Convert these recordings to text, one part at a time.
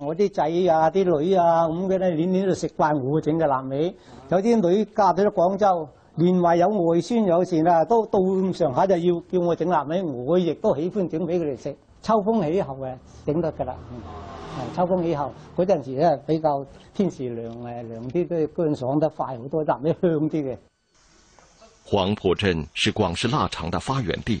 我啲仔啊，啲女啊，咁嘅咧，年年都食慣我整嘅臘味。有啲女嫁咗廣州，年年有外孫，有時啦，都到咁上下就要叫我整臘味，我亦都喜歡整俾佢哋食。秋風起後嘅整得噶啦、嗯，秋風起後嗰陣時咧比較天時涼誒，涼啲都乾爽得快好多，臘味香啲嘅。黃圃鎮是廣式臘腸的發源地。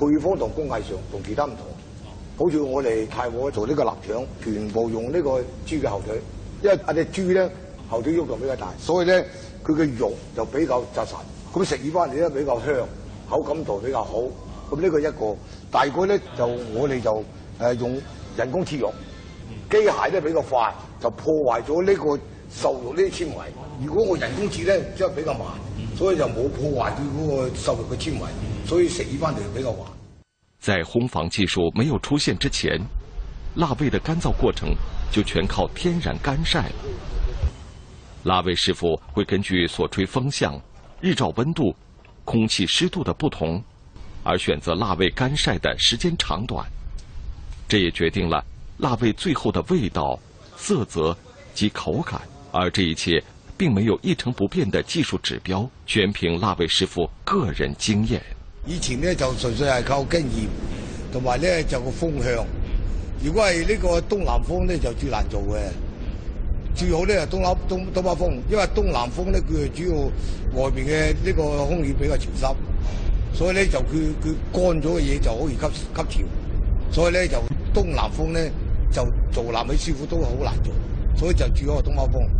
配方同工藝上同其他唔同，好似我哋太和做呢個臘腸，全部用呢個豬嘅後腿，因為阿隻豬咧後腿肉就比較大，所以咧佢嘅肉就比較紮實，咁食起翻嚟咧比較香，口感度比較好，咁呢個一個，第二個咧就我哋就誒用人工切肉，機械咧比較快，就破壞咗呢個。瘦肉呢啲纖維，如果我人工煮呢，即係比較慢，所以就冇破壞佢嗰個瘦肉嘅纖維，所以食依翻就比較慢。在烘房技術沒有出現之前，臘味的乾燥過程就全靠天然乾曬了。臘味師傅會根據所吹風向、日照溫度、空氣濕度的不同，而選擇臘味乾曬的時間長短，這也決定了臘味最後的味道、色澤及口感。而這一切，並沒有一成不變的技術指標，全憑臘味師傅個人經驗。以前咧就純粹係靠經驗，同埋咧就個風向。如果係呢個東南風咧就最難做嘅，最好咧係東南東東北風，因為東南風咧佢係主要外面嘅呢個空氣比較潮濕，所以咧就佢佢乾咗嘅嘢，就好易吸吸潮，所以咧就東南風咧就做臘味師傅都好難做，所以就最好係東北風。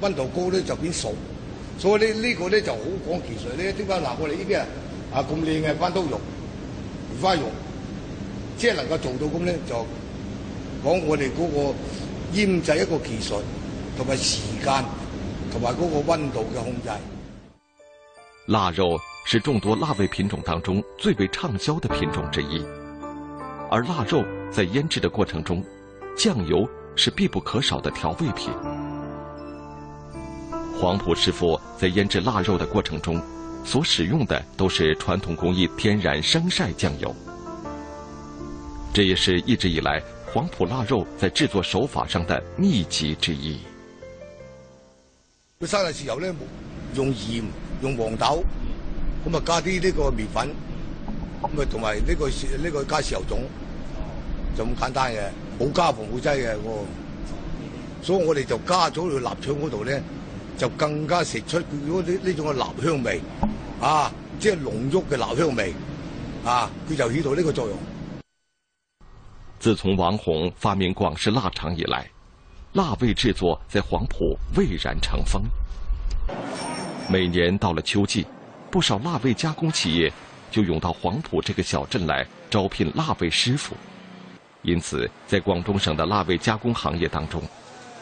溫度高咧就變熟，所以咧呢個咧就好講技術咧。點解嗱？我哋呢啲啊啊咁靚嘅番刀肉、梅花肉，即係能夠做到咁咧，就講我哋嗰個醃製一個技術，同埋時間，同埋嗰個溫度嘅控制。臘肉是眾多臘味品種當中最為暢銷的品種之一，而臘肉在醃製的過程中，醬油是必不可少的調味品。黃圃師傅在醃製臘肉的過程中，所使用的都是傳統工藝天然生曬醬油，這也是一直以來黃圃臘肉在製作手法上的秘籍之一。佢生曬豉油咧，用鹽，用黃豆，咁啊加啲呢個麵粉，咁啊同埋呢個呢、呢個加豉油種，就咁簡單嘅，冇加防腐劑嘅、哦。所以我哋就加咗去臘腸嗰度咧。就更加食出如果呢種嘅臘香味啊，即係濃郁嘅臘香味啊，佢就起到呢個作用。自從王洪發明廣式臘腸以來，臘味製作在黃圃蔚然成風。每年到了秋季，不少臘味加工企業就湧到黃圃這個小鎮來招聘臘味師傅，因此在廣東省的臘味加工行業當中。